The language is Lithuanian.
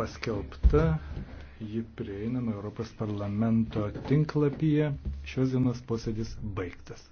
paskelbta, ji prieinama Europos parlamento tinklapyje. Šios dienos posėdis baigtas.